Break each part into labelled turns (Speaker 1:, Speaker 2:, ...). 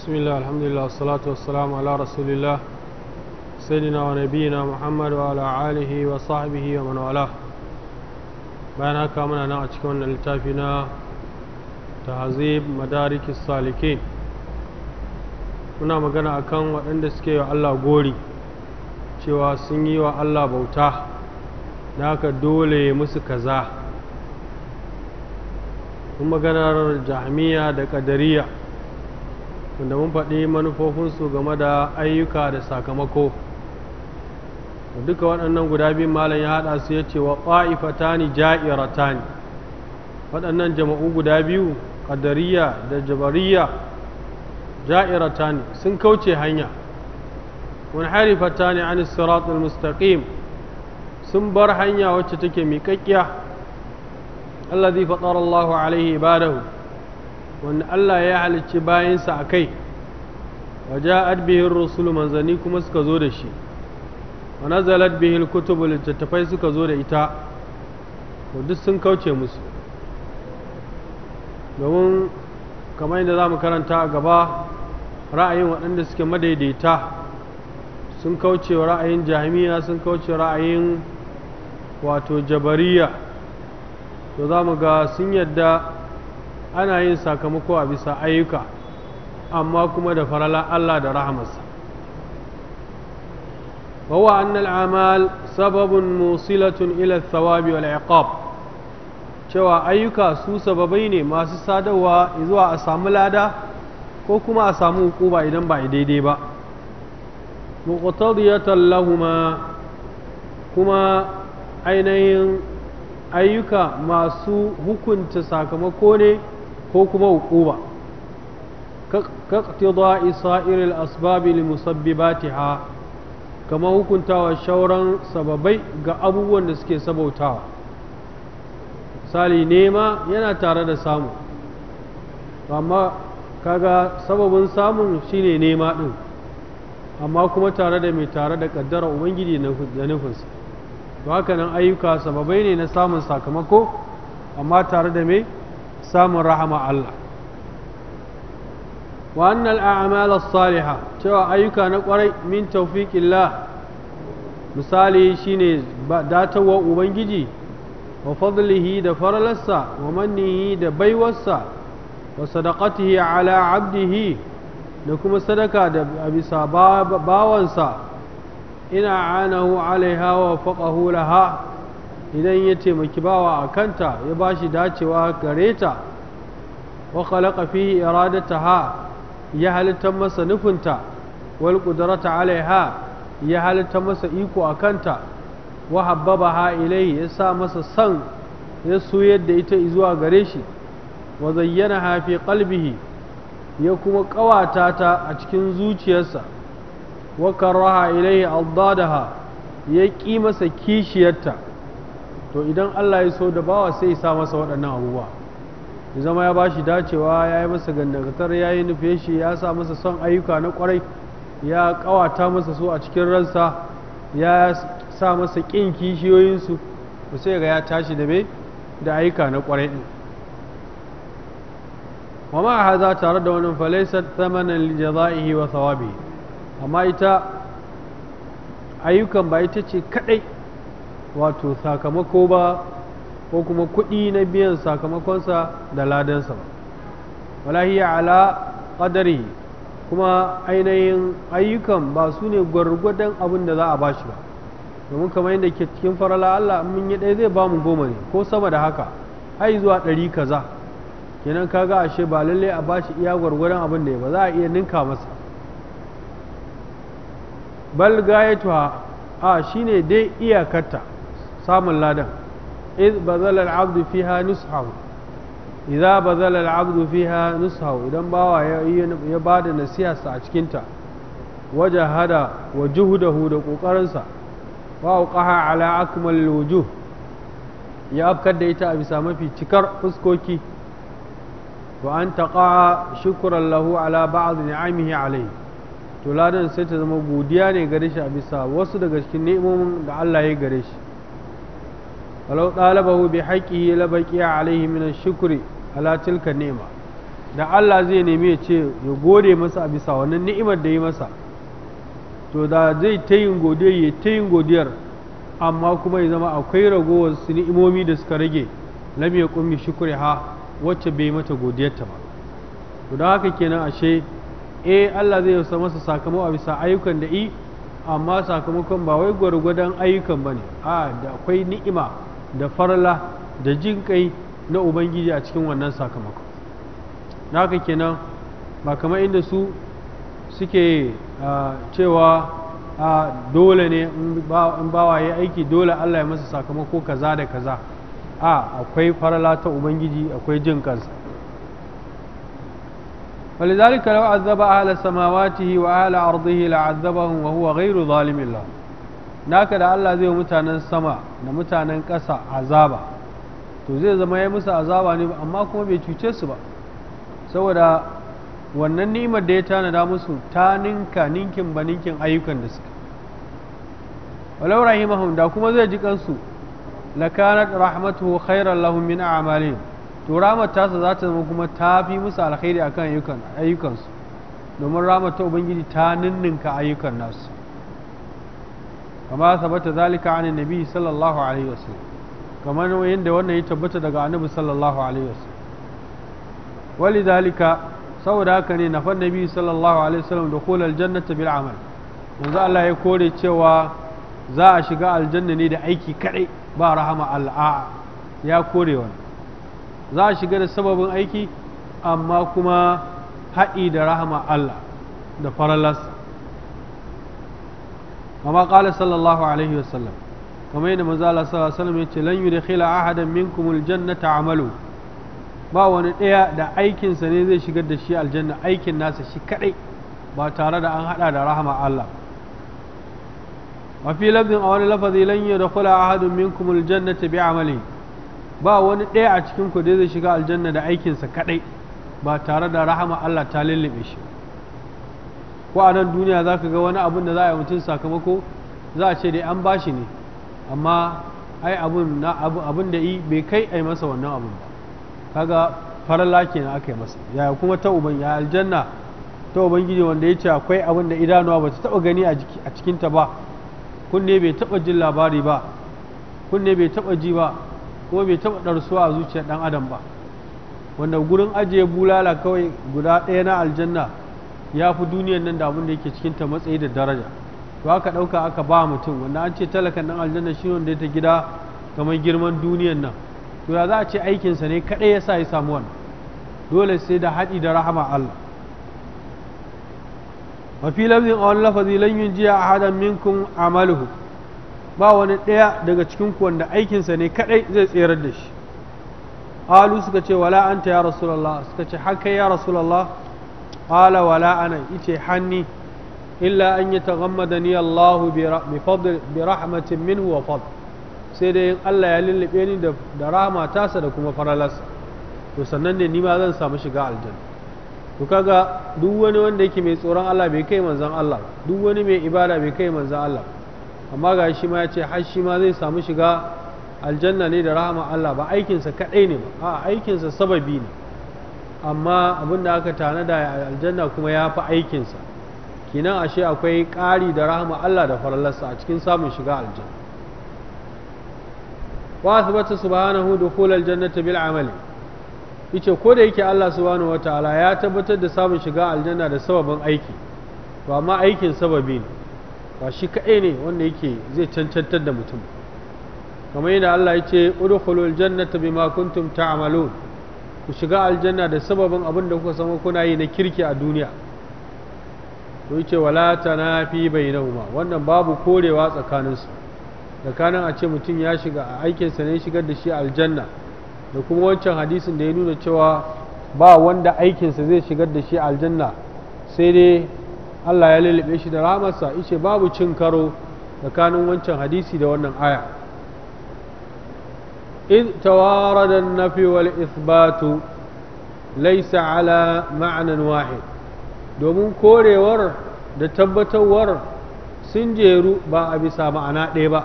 Speaker 1: بسم الله الحمد لله والصلاة والسلام على رسول الله سيدنا ونبينا محمد وعلى آله وصحبه ومن والاه بيان هكا من أنا أتكون لتافنا تهذيب مدارك السالكين muna magana akan waɗanda suke wa Allah gori cewa sun yi wa Allah bauta da haka dole musu kaza in maganar jahmiya da ƙadariya wanda mun faɗi manufofinsu game da ayyuka da sakamako duka waɗannan guda biyun malam ya haɗa su ya ce wa ƙa'ifatani ja'iratani waɗannan jama'u guda biyu ƙadariya da jabariya ja'iratani sun kauce hanya wani harifatani an siratul mustaqim sun bar hanya wacce take miƙaƙƙiya allazi fatara Allahu alaihi ibadahu wanda Allah ya halicci bayansa a kai waje adbihin rasulun manzanni kuma suka zo da shi wa nazalat bihin kutubu littattafai suka zo da ita to duk sun kauce musu domin kamar yadda za mu karanta a gaba ra'ayin waɗanda suke madaidaita sun kauce wa ra'ayin jami'a sun kauce ra'ayin wato jabariya to za mu ga sun yadda ana yin sakamako a bisa ayyuka amma kuma da farala Allah da rahamarsa وهو أن الأعمال سبب ila إلى الثواب والعقاب cewa ayyuka su sababai ne masu sadarwa zuwa a samu lada ko kuma a samu hukuma idan ba daidai ba muqtadiyatan lahuma kuma ainihin ayyuka masu hukunta sakamako ne ko kuma hukuma kaktida isa'iril asbabi ha kama hukuntawa shauran sababai ga abubuwan da suke sabautawa misali nema yana tare da samu amma kaga sababin samun shine nema ɗin amma kuma tare da mai tare da kaddara ubangiji da nufinsa to haka nan ayyuka sababai ne na samun sakamako amma tare da mai samun rahama Allah wannan annal saliha cewa ayyuka na kwarai min tawfiqillah misali shine datawa ubangiji wa fadlihi da faralarsa wa mannihi da baiwarsa wa sadaqatihi ala abdihi da kuma sadaka da bisa bawansa ina anahu alaiha wa faqahu laha idan ya taimaki bawa a kanta ya ba shi dacewa gare ta wa khalaqa fihi iradataha ya halitta masa nufinta wal qudrata alaiha ya halitta masa iko a kanta wa habbabaha ilai ya sa masa san ya soyar da ita zuwa gare shi wa zayyanaha fi qalbihi ya kuma kawata ta a cikin zuciyarsa wa karaha ilai addadaha ya ƙi masa kishiyarta to idan Allah ya so da bawa sai ya sa masa waɗannan abubuwa ya zama ya bashi dacewa ya yi masa gandagatar ya yi nufe shi ya sa masa son ayyuka na kwarai ya ƙawata masa su a cikin ransa ya sa masa ƙin kishiyoyinsu ba sai ga ya tashi da mai da ayyuka na kwarai ɗin wama a haza tare da wani falaisar tsamanin jaza'ihi wa sawabi amma ita ayyukan ba ita ce kaɗai wato sakamako ba ko kuma kuɗi na biyan sakamakonsa da ladansa ba walahiya ala ƙadari kuma ainihin ayyukan ba su ne gwargwadon abin da za a bashi ba domin kamar yadda ke cikin farala Allah mun yi ɗaya zai ba mu goma ne ko sama da haka ai zuwa ɗari kaza kenan kaga ashe ba lalle a bashi iya gwargwadon abin da ya ba za a iya ninka masa bal gayatuha a shine dai iyakarta samun ladan iz bazala al-abdu fiha nushahu idza bazala al fiha nushahu idan bawa ya ya bada nasiha sa a cikin ta wajahada wa juhudahu da kokarin sa wa uqaha ala akmal wujuh ya afkar da ita a bisa mafi cikar fuskoki wa an taqa shukran lahu ala ba'd ni'amihi alayhi to ladan sai ta zama godiya ne gare shi a bisa wasu daga cikin ni'imomin da Allah ya gare shi walau ɗalabahu bi haƙƙihi a alaihi min shukri ala tilka nema da Allah zai nemi ya ce ya gode masa a bisa wannan ni'imar da ya masa to da zai ta yin godiyar ya ta yin godiyar amma kuma ya zama akwai ragowar su ni'imomi da suka rage lam ya kummi shukri ha wacce bai mata godiyarta ba to da haka kenan ashe eh Allah zai yasa masa sakamako a bisa ayyukan da i amma sakamakon ba wai gwargwadon ayyukan ba ne a da akwai ni'ima da farla da jin kai na ubangiji a cikin wannan sakamako na haka kenan ba kamar inda su suke cewa a dole ne in bawa ya aiki dole Allah ya masa sakamako kaza da kaza a akwai farla ta ubangiji akwai jin kansa ولذلك لو عذب أهل سماواته وأهل أرضه لعذبهم وهو غير ظالم الله naka da Allah zai mutanen sama da mutanen ƙasa azaba to zai zama ya musu azaba ne amma kuma bai cuce su ba saboda wannan nimar da ya tanada musu ta ninka ninkin ba ninkin ayyukan da suka walau rahimahum da kuma zai ji kansu lakanat rahmatuhu khairan lahum min a'malihim to rahmat tasa za ta zama kuma ta fi musu alkhairi akan ayyukansu domin rahmat ta ubangiji ta ninninka ayyukan nasu kama sabata zalika an nabi sallallahu alaihi wasallam kamar yadda wannan ya tabbata daga annabi sallallahu alaihi wasallam zalika saboda haka ne nafan nabi sallallahu alaihi wasallam da kula aljannata bil amal yanzu Allah ya kore cewa za a shiga aljanna ne da aiki kadai ba rahama al'a ya kore wannan za a shiga da sababin aiki amma kuma haɗi da rahama Allah da faralas kama qala sallallahu alaihi wasallam kamar yadda manzo Allah sallallahu alaihi wasallam yace lan yudkhila ahadan minkum aljannata amalu ba wani daya da aikin sa ne zai shigar da shi aljanna aikin nasa shi kadai ba tare da an hada da rahama Allah wa fi lafzin a wani lafazi lan yudkhila ahadun minkum aljannata bi amali ba wani daya a cikin ku da zai shiga aljanna da aikin sa kadai ba tare da rahama Allah ta lullube shi ko a nan duniya za ka ga wani abun da za a yi mutum sakamako za a ce dai an ba shi ne amma ai abun na abin da yi bai kai ai masa wannan abun ba kaga farar kenan aka yi masa yaya kuma ta uban ya aljanna ta ubangiji wanda ya ce akwai abin da idanuwa ba ta taba gani a cikinta ba kunne bai taba jin labari ba kunne bai taba ji ba kuma bai taba ɗarsuwa a zuciyar ɗan adam ba wanda gurin ajiye bulala kawai guda ɗaya na aljanna ya fi duniyan nan da abin da yake cikin ta matsayi da daraja to aka ɗauka aka ba mutum wanda an ce talakan nan aljanna shi wanda ta gida kamar girman duniyan nan to ya za a ce aikinsa ne kaɗai ya sa ya samu wannan dole sai da haɗi da rahama Allah mafi lafzin a wani lafazi lan yin jiya a hadan minkum amaluhu ba wani ɗaya daga cikin ku wanda aikinsa ne kaɗai zai tserar da shi alu suka ce wala anta ya rasulullah suka ce haka ya rasulullah qala wala anan ice hanni illa an ya Allahu bi fadl bi rahmatin minhu wa fadl sai dai Allah ya lullube ni da rahama tasa da kuma faralarsa to sannan ne ni ma zan samu shiga aljanna to kaga duk wani wanda yake mai tsoron Allah bai kai manzon Allah duk wani mai ibada bai kai manzon Allah amma ga shi ma ya ce har shi ma zai samu shiga aljanna ne da rahama Allah ba aikinsa kaɗai ne ba a aikinsa sababi ne amma abin da aka tanada a aljanna kuma ya fi aikinsa kinan ashe akwai ƙari da rahama Allah da farallarsa a cikin samun shiga aljanna wa asbata subhanahu dukhul aljannati bil amali ita ko da yake Allah subhanahu wataala ya tabbatar da samun shiga aljanna da sababin aiki to amma aikin sababi ne ba shi kaɗai ne wanda yake zai cancantar da mutum kamar yadda Allah ya ce udkhulul jannata bima kuntum ta'malun ta ku shiga aljanna da sababin abin da kuka samu kuna yi na kirki a duniya to yace wala tanafi bainahuma wannan babu korewa tsakaninsu tsakanin a ce mutum ya shiga a aikinsa ne shigar da shi aljanna da kuma wancan hadisin da ya nuna cewa ba wanda aikinsa zai shigar da shi aljanna sai dai Allah ya lalube shi da ramarsa ice babu cin karo tsakanin wancan hadisi da wannan aya إذ توارد النفي والإثبات ليس على معنى واحد domin korewar da tabbatarwar sun jeru ba a bisa ma'ana ɗaya ba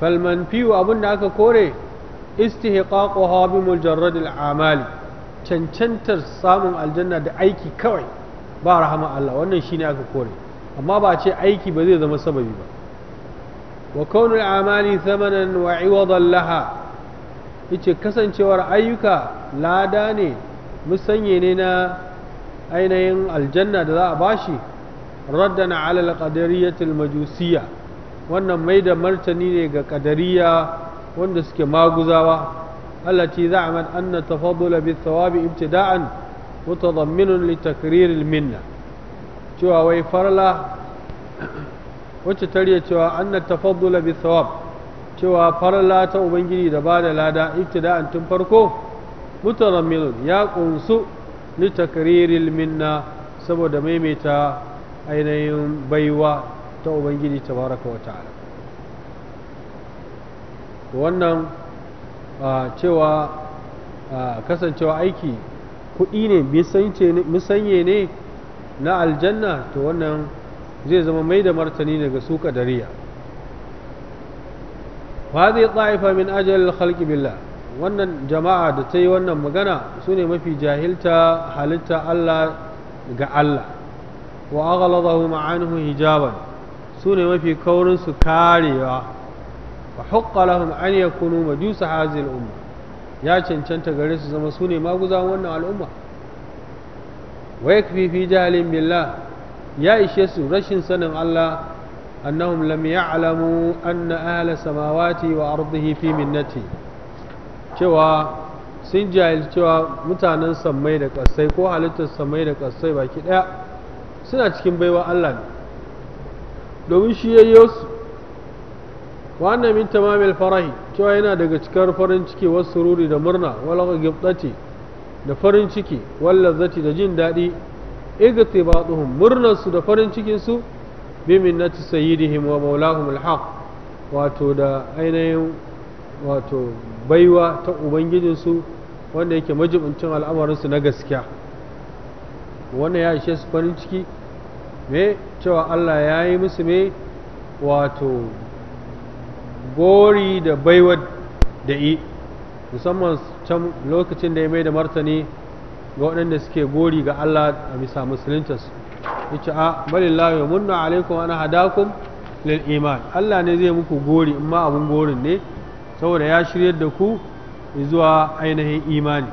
Speaker 1: falman fiyu abin da aka kore istihqaquha bi mujarradil amali cancantar samun aljanna da aiki kawai ba rahama Allah wannan shine aka kore amma ba ce aiki ba zai zama sababi ba wa kaunul amali thamanan wa laha yace kasancewar ayyuka lada ne musanye ne na ainihin aljanna da za a bashi raddan ala alqadariyatil majusiyya wannan mai da martani ne ga kadariya wanda suke maguzawa allati za'amat anna tafaddula bi thawabi ibtida'an mutadamminun li takrir al minna cewa wai farla wacce tarye cewa anna tafaddula bi thawab cewa farla ta ubangiji da bada lada ibtida'an tun farko mutarammilun ya kunsu ni takriril minna saboda maimaita ainihin baiwa ta ubangiji tabaraka wa ta'ala wannan cewa kasancewa aiki kuɗi ne misanye ne na aljanna to wannan zai zama mai da martani daga su kadariya hadhihi ta'ifa min ajal al-khalqi billah wannan jama'a da ta yi wannan magana su ne mafi jahilta halitta Allah ga Allah wa aghladahu ma'anhu hijaban su ne mafi kaurin su karewa wa haqqa lahum an yakunu majusa hadhihi umma ya cancanta gare su zama su ne maguza wannan al'umma wa yakfi fi jahalin billah ya ishe su rashin sanin Allah annahum lam ya'lamu anna ahla samawati wa ardihi fi minnati cewa sun jahil cewa mutanen samai da kasai ko halittar samai da kasai baki daya suna cikin baiwa Allah ne domin shi yi su wannan min tamamil farahi cewa yana daga cikar farin ciki wasu ruri da murna walaka ghibtati da farin ciki wallazati lazzati da jin daɗi igtibaduhum su da farin cikin su bi minnati sayyidihim wa maulahum alhaq wato da ainihin wato baiwa ta ubangijin su wanda yake majibincin al'amarin su na gaskiya wannan ya ishe su farin ciki me cewa Allah ya yi musu me wato gori da baiwa da i musamman can lokacin da ya mai da martani ga waɗanda suke gori ga Allah a bisa musuluncinsu ce a balillahu munna alaikum ana hadakum lil iman Allah ne zai muku gori in ma abun gorin ne saboda ya shiryar da ku zuwa ainihin imani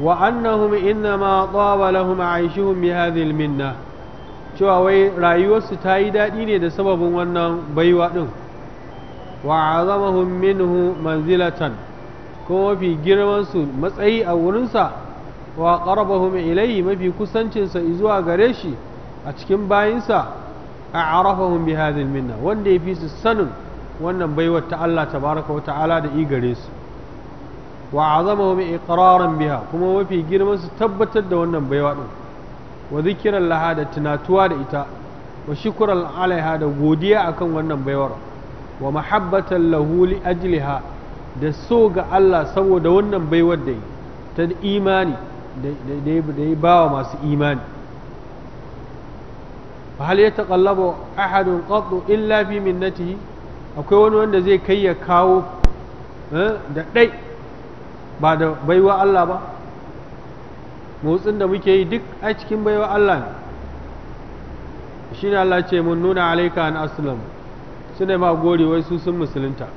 Speaker 1: wa annahum innama taba lahum aishuhum bi hadhihi minna cewa wai rayuwarsu ta yi daɗi ne da sababin wannan baiwa ɗin wa azamahum minhu manzilatan ko mafi girmansu matsayi a wurinsa wa qarabahum ilayhi mafi kusancinsa zuwa gare shi a cikin bayinsa a arafahum bi hadhihi minna wanda ya fi su sanin wannan baiwar ta Allah tabaraka wa ta'ala da i gare su wa azamahum iqraran biha kuma mafi girman su tabbatar da wannan baiwa din wa zikran laha da tunatuwa da ita wa shukran alaiha da godiya akan wannan baiwar wa muhabbatan lahu li ajliha da so ga Allah saboda wannan baiwar da yi ta imani da ya ba wa masu imani ba hal ya taqallaba ahadun qattu illa fi akwai wani wanda zai kai ya kawo eh, da ɗai ba da baiwa Allah ba motsin da muke yi duk a cikin baiwa Allah ne shi ne Allah ce mun nuna alaika an aslam su ne ma gore wai su sun musulunta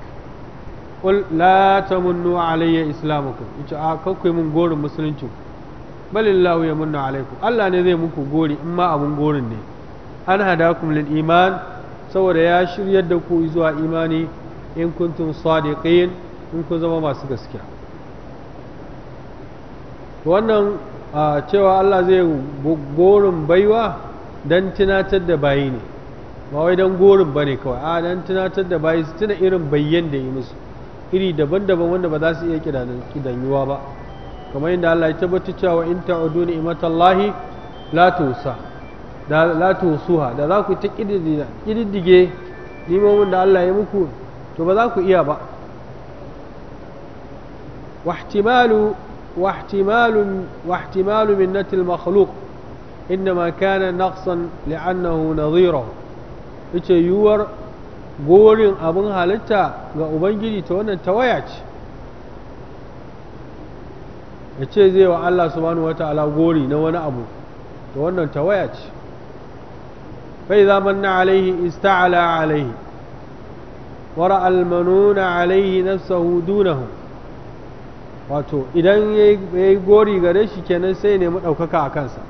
Speaker 1: qul la tamunnu alayya islamukum ita a mun gorin musulunci balillahu yamunnu alaykum Allah ne zai muku gori in ma abun gorin ne an hadakum lil iman saboda ya shiryar da ku zuwa imani in kuntum sadiqin in kun zama masu gaskiya wannan cewa Allah zai gorin baiwa dan tunatar da bayi ne ba wai dan gorin bane kawai a dan tunatar da bayi su tuna irin bayyan da yi musu iri daban-daban wanda ba za su iya kidanyuwa ba kamar yadda Allah ya tabbata cewa in ta'udu ni'matallahi la tusa da la tusuha da za ku ta kididdige nimomin da Allah ya muku to ba za ku iya ba واحتمال واحتمال واحتمال منة المخلوق إنما كان نقصا لأنه نظيره yace yiwuwar gorin abin halitta ga ubangiji ta wannan tawaya ce ya ce zai wa Allah subhanahu wa ta'ala gori na wani abu ta wannan tawaya ce fai zaman na alaihi ista'ala alaihi wara almanuna alaihi na nafsahu dunahu wato idan ya yi gori gare shi kenan sai nemi ɗaukaka a kansa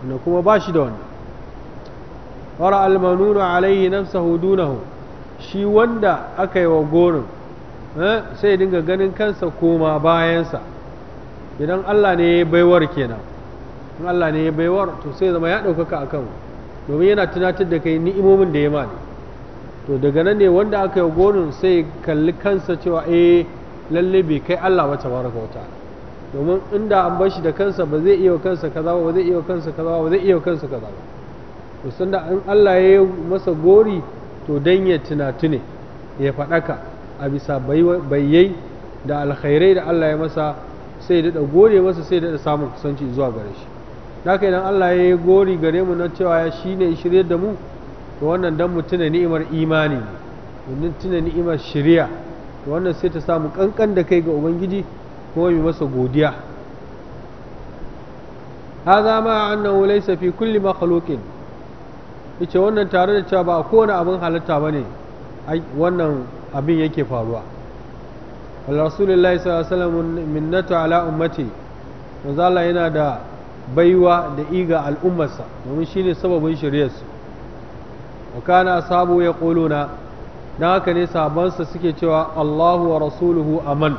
Speaker 1: wanda kuma ba shi da wani wara almanuna alaihi nafsahu dunahu shi wanda aka yi wa gonin eh, sai dinga ganin kansa koma bayansa idan Allah ne ya baiwar kenan in Allah ne ya baiwar to sai zama ya ɗaukaka a kan domin yana tunatar da kai ni'imomin da ya ma to daga nan ne wanda aka yi gonin. sai kalli kansa cewa eh lalle bai kai Allah ba ta wa ta'ala domin inda an bar shi da kansa ba zai iya kansa kaza ba zai iya kansa kaza ba zai iya kansa kaza ba to sanda in Allah ya yi masa gori to don ya tuna tune ya faɗaka a bisa bayyai da alkhairai da Allah ya masa sai da gode masa sai da samun kusanci zuwa gare shi da haka idan Allah ya yi gori gare mu na cewa ya shi ne shirye da mu to wannan dan mu tuna ni'imar imani ne domin tuna ni'imar shirya to wannan sai ta samu kankan da kai ga ubangiji kuma mai masa godiya هذا مع أنه ليس في كل مخلوق Fice wannan tare da cewa ba kowane abin halitta ba ne wannan abin yake faruwa rasulullahi sallallahu wasallam minnatu ala ummati manzo yana da baiwa da iga al'ummarsa domin shine sababin shiryarsu wa kana ya na, don haka ne sabansa suke cewa Allahu wa rasuluhu aman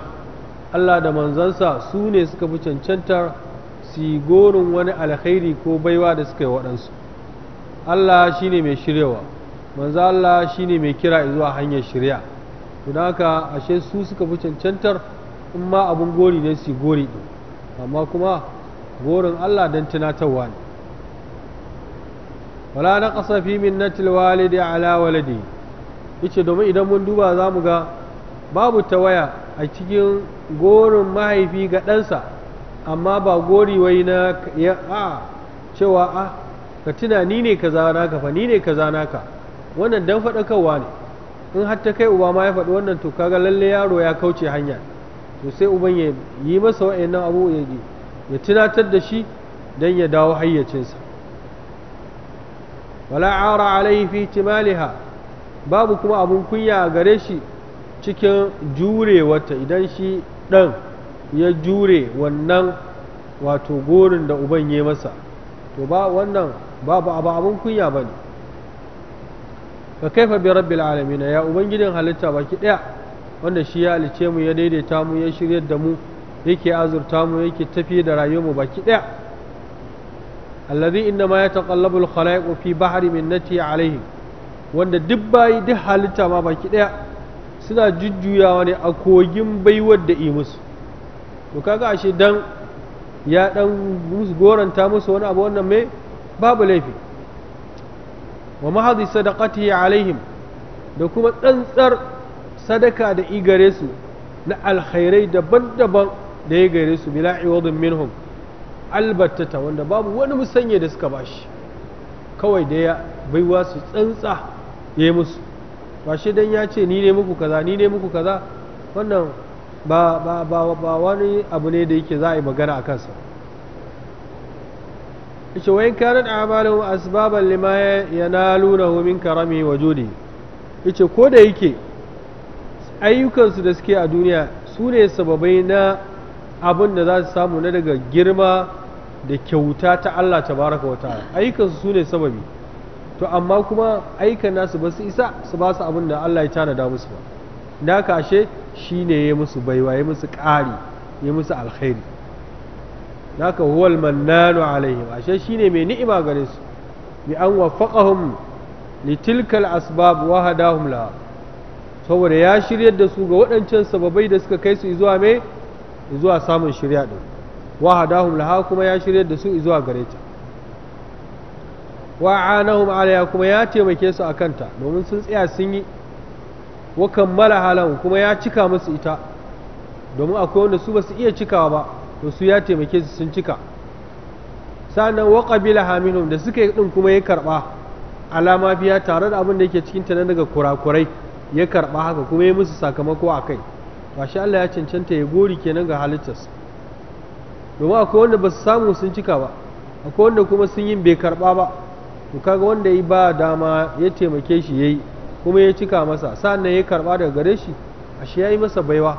Speaker 1: Allah da manzansa su ne suka fi cancantar su gorin wani alkhairi ko baiwa da suka yi waɗansu Allah shi ne mai shiryawa manzo Allah shi ne mai kira zuwa hanyar shirya don haka ashe su suka fi cancantar in ma abin gori ne su gori ɗin amma kuma gorin Allah don tunatarwa ne wala na ƙasa fi minnatil walidi ala mu yace domin idan mun duba za mu ga babu tawaya a cikin gorin mahaifi ga ɗansa amma ba gori wai na a cewa a ah, ka tuna ni ne kaza naka fa ni ne kaza naka wannan dan faɗakarwa ne in har ta kai uba ma ya faɗi wannan to kaga lalle yaro ya kauce hanya to sai uban ya yi masa wa'annan abu ya ya tunatar da shi dan ya dawo hayyacinsa wala ara alaihi fi timaliha babu kuma abun kunya a gare shi cikin jurewata idan shi ɗan ya jure wannan wato gorin da uban ya masa to ba wannan babu abu abun kunya ba ne ka kaifa bi rabbil alamin ya ubangijin halitta baki daya wanda shi ya halice mu ya daidaita mu ya shiryar da mu yake azurta mu yake tafi da rayuwar mu baki daya allazi inna ma yataqallabu al-khalaiqu fi bahri minnati alayhi wanda duk bayi duk halitta ma baki daya suna jujjuyawa ne a kogin baiwar da imus to kaga ashe dan ya dan goranta musu wani abu wannan mai babu laifi wa mahadi sadaqati alaihim da kuma tsantsar sadaka da igare su na alkhairai daban-daban da ya gare su bila iwadun minhum albattata wanda babu wani musanye da suka bashi kawai da ya baiwa su tsantsa ya yi musu ba shi dan ya ce ni ne muku kaza ni ne muku kaza wannan ba wani abu ne da yake za a yi magana a kansa yace wa in kanat a'maluhum asbaban lima yanalunahu min karami wa judi yace ko da yake ayyukan su da suke a duniya su ne sababai na abin da za su samu na daga girma da kyauta ta Allah tabaraka wa ta'ala ayyukansu su ne sababi to amma kuma ayyukan nasu ba su isa su ba su abin da Allah ya tanada musu ba na kashe shine ne ya musu baiwa ya musu ƙari ya musu alkhairi naka huwal mannanu alaihim ashe shine mai ni'ima gare su bi an waffaqahum li tilkal asbab wa hadahum la saboda ya shiryar da su ga waɗancan sababai da suka kai su zuwa mai zuwa samun shirya din wa hadahum la kuma ya shiryar da su zuwa gare ta wa anahum alaiha kuma ya taimake su akan ta domin sun tsaya sun yi wa kammala halan kuma ya cika musu ita domin akwai wanda su ba su iya cikawa ba to su ya taimake su sun cika sa'annan wa qabila haminum da suka yi din kuma ya karba alama biya tare da abin da yake cikin ta daga kurakurai ya karba haka kuma ya musu sakamako a kai bashi Allah ya cancanta ya gori kenan ga halittus domin akwai wanda ba su samu sun cika ba akwai wanda kuma sun yi bai karba ba to kaga wanda ya ba dama ya taimake shi yayi kuma ya cika masa sa'annan ya karba daga gare shi ashe yi masa baiwa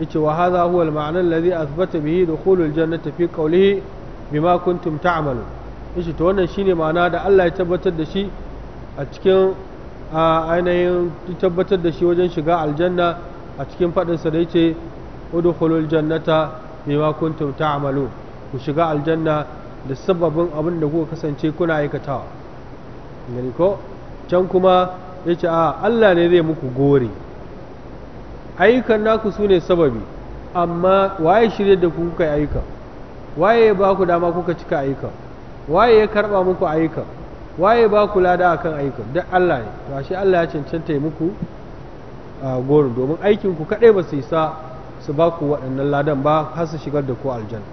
Speaker 1: yace wa hadha huwa al-ma'na alladhi athbata bihi dukhulul jannati fi qawlihi bima kuntum ta'malu yace to wannan shine ma'ana da Allah ya tabbatar da shi a cikin ainihin tabbatar da shi wajen shiga aljanna a cikin fadin sa da yace udkhulul jannata bima kuntum ta'malu ku shiga aljanna da sababin abin da kuka kasance kuna aikatawa ne ko can kuma yace a Allah ne zai muku gore ayyukan naku su ne sababi amma waye shirya da ku kuka yi ayyukan waye ya ba ku dama kuka cika ayyukan waye ya karba muku ayyukan waye ba ku lada akan ayyukan duk Allah ne to shi Allah ya cancanta yi muku goro domin aikin ku kadai ba su isa su ba ku waɗannan ladan ba har su shigar da ku aljanna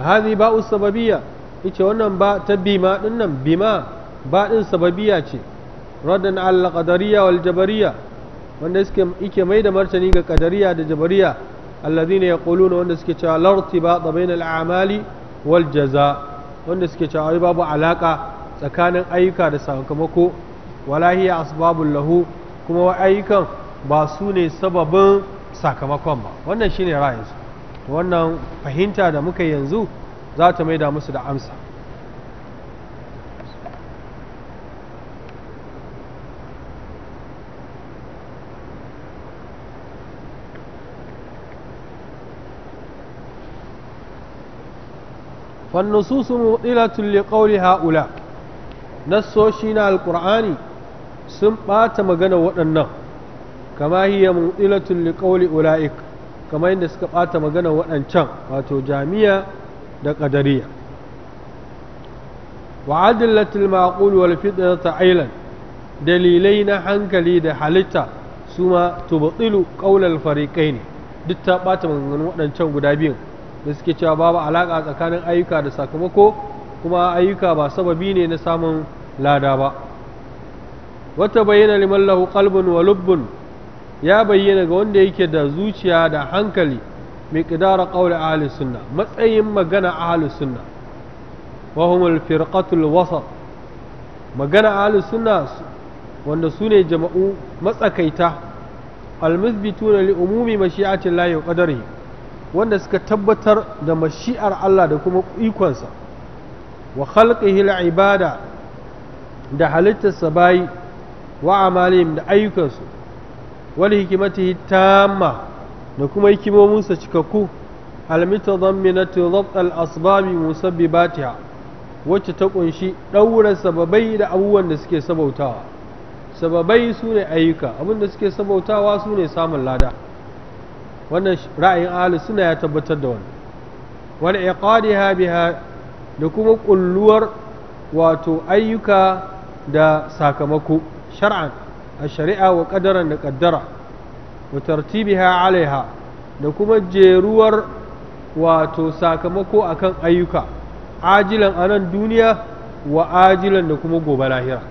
Speaker 1: hadhi ba usbabiyya yace wannan ba ta bima dinnan bima ba din sababiyya ce radan al qadariyya wal jabariyya wanda suke yake mai da martani ga qadariyya da jabariyya alladhina yaquluna wanda suke cewa la irtibata bayna al a'mali wal jaza wanda suke cewa ai babu alaka tsakanin ayyuka da sakamako wala hiya asbabul lahu kuma wa ayyukan ba su ne sababin sakamakon ba wannan shine ra'ayinsu wannan fahimta da muka yanzu za ta maida musu da amsa فالنصوص مبطلة لقول هؤلاء نصوشنا القرآن سنبات مغنى وأنه كما هي مبطلة لقول أولئك كما إن سكبات مغنى وأنشان واتو جامية da ƙadariya wa adillatul maqul wal fitnata ailan dalilai na hankali da halitta su ma tubtilu qaulal ne duk ta bata maganganun waɗancan guda biyun da suke cewa babu alaƙa tsakanin ayyuka da sakamako kuma ayyuka ba sababi ne na samun lada ba wata bayyana liman lahu qalbun wa lubbun ya bayyana ga wanda yake da zuciya da hankali mai qidara qawli ahli sunna matsayin magana ahli sunna wa humul firqatul wasat magana ahli sunna wanda su ne jama'u matsakaita al-muthbituna li umumi mashi'atillahi wa qadarihi wanda suka tabbatar da mashi'ar Allah da kuma ikonsa wa khalqihi ibada da halittarsa bayi wa amalihim da ayyukansu wal hikimatihi tamma da kuma hikimominsa cikakku almutadamminatu dhabt al-asbabi musabbibatiha wacce ta kunshi daura sababai da abubuwan da suke sabautawa sababai sune ayyuka abin da suke sabautawa sune samun lada wannan ra'ayin ahli suna ya tabbatar da wannan wal iqadiha biha da kuma kulluwar wato ayyuka da sakamako shar'an a shari'a wa qadaran da qaddara wa tartibiha alaiha da kuma jeruwar wato sakamako akan ayyuka ajilan a nan duniya wa ajilan da kuma gobe lahira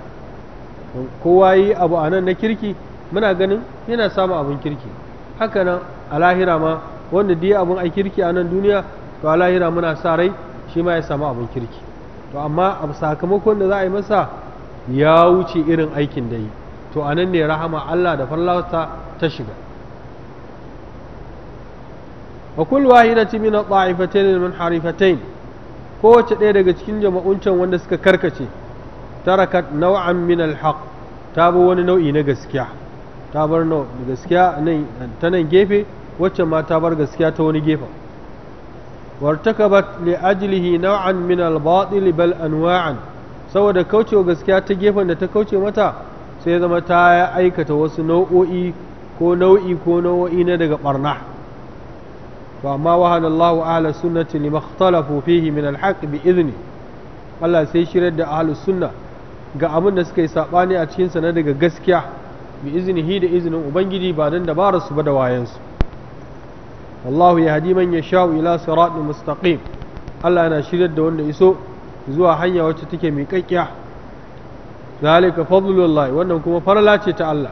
Speaker 1: kowa yi abu a nan na kirki muna ganin yana samun abin kirki haka nan a lahira ma wanda dai abin a kirki a nan duniya to a lahira muna sa rai shi ma ya samu abin kirki to amma a sakamakon da za a yi masa ya wuce irin aikin da yi to a nan ne rahama Allah da fallata ta shiga wa kul wahidati min al min harifatain kowace ɗaya daga cikin jama'uncan wanda suka karkace tarakat nau'an min al ta bi wani nau'i na gaskiya ta bar gaskiya ta nan gefe wacce ma ta bar gaskiya ta wani gefen wartakabat li ajlihi naw'an min al-batil bal anwa'an saboda kaucewa gaskiya ta gefen da ta kauce mata sai zama ta aikata wasu nau'o'i ko nau'i ko nau'o'i na daga barna to amma wahana Allah ahla sunnati lima ikhtalafu fihi min al bi idni Allah sai shirar da ahlus sunna ga abin da suka yi sabani a cikin sa na daga gaskiya bi iznihi da iznin ubangiji ba dan dabarar su ba da wayansu wallahu yahdi man yasha'u ila siratin mustaqim Allah yana shiryar da wanda iso zuwa hanya wacce take miƙaƙƙiya zalika fadlullahi wannan kuma farala ce ta Allah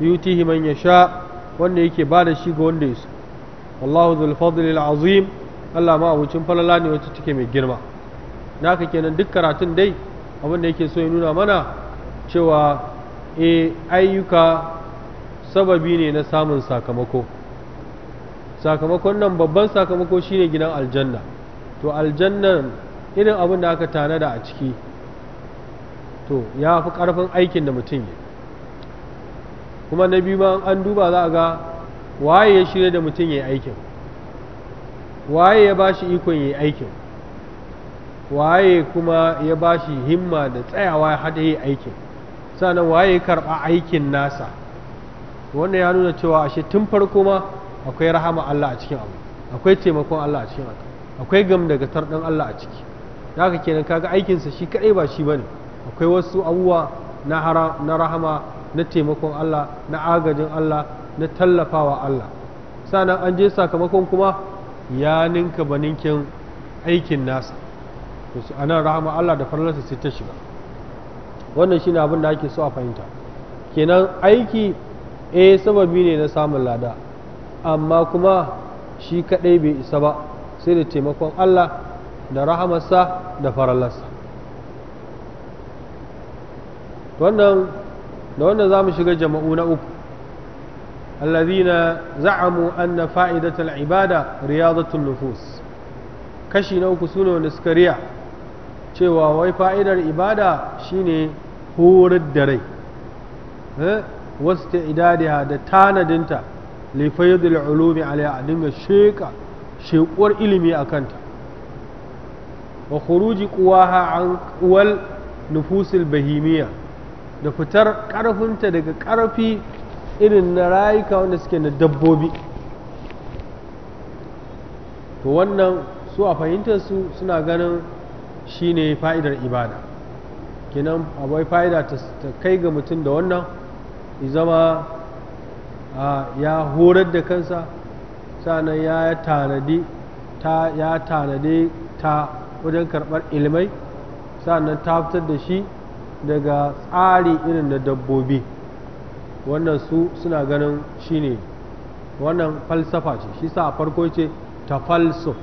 Speaker 1: yutihi man sha. wanda yake ba da shi ga wanda iso. wallahu dhul fadli azim Allah ma abucin falala ne wacce take mai girma naka kenan duk karatun dai abin da yake so ya nuna mana cewa e ayyuka sababi ne na samun sakamako sakamakon nan babban sakamako shine gidan aljanna to aljannan irin abin da aka tanada a ciki to ya fi ƙarfin aikin da mutum ya kuma na biyu ma an duba za a ga waye ya shirya da mutum ya yi aikin waye ya ba shi ikon ya yi aikin waye kuma ya ba shi himma da tsayawa hada ya yi aikin sannan waye ya karɓa aikin nasa wannan ya nuna cewa ashe tun farko ma akwai rahama Allah a cikin abu akwai taimakon Allah a cikin abu akwai gam daga tarɗin Allah a ciki da haka kenan kaga aikin sa shi kadai ba shi bane akwai wasu abubuwa na rahama na taimakon Allah na agajin Allah na tallafawa Allah sannan an je sakamakon kuma ya ninka baninkin aikin nasa to anan rahama Allah da farlarsa sai ta shiga wannan shine abin da ake so a fahimta kenan aiki eh sababi ne na samun lada amma kuma shi kadai bai isa ba sai da taimakon Allah da rahamarsa da farallarsa wannan da wannan za mu shiga jama'u na uku الذين زعموا fa'idatar ibada العبادة رياضة النفوس kashi na uku sune wanda suka riya cewa wai fa'idar ibada shine horar da rai eh, wasu ta idadiya da tanadinta lifaidul ulumi alaiha a dinga sheka shekuwar ilimi a kanta wa kuwa ha an kuwal nufusil bahimiyya da fitar ƙarfinta daga ƙarfi irin na rayuka wanda suke na dabbobi to wannan su a fahimtar su suna ganin shine fa'idar ibada kenan akwai fa'ida ta kai ga mutum da wannan zama ya horar da kansa sannan ya tanadi ta ya tanadi ta wajen karɓar ilmai sannan ta fitar da shi daga tsari irin na dabbobi wannan su suna ganin shine wannan falsafa ce shi sa farko ce ta falso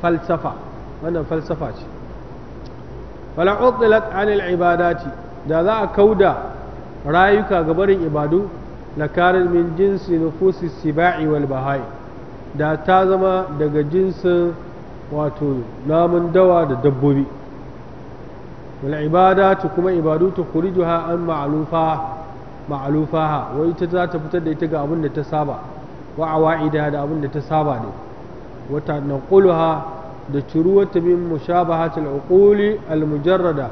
Speaker 1: falsafa wannan falsafa ce wala utilat anil ibadati da za a kauda rayuka ga barin ibadu na karin min jinsi nufusi siba'i wal bahai da ta zama daga jinsin wato namun dawa da dabbobi wal ibadatu kuma ibadu ta kurijuha an ma'alufa ma'alufaha wai ita za ta fitar da ita ga abin da ta saba wa awa'ida da abin da ta saba ne wata naquluha da curuwata min mushabahatul uquli almujarrada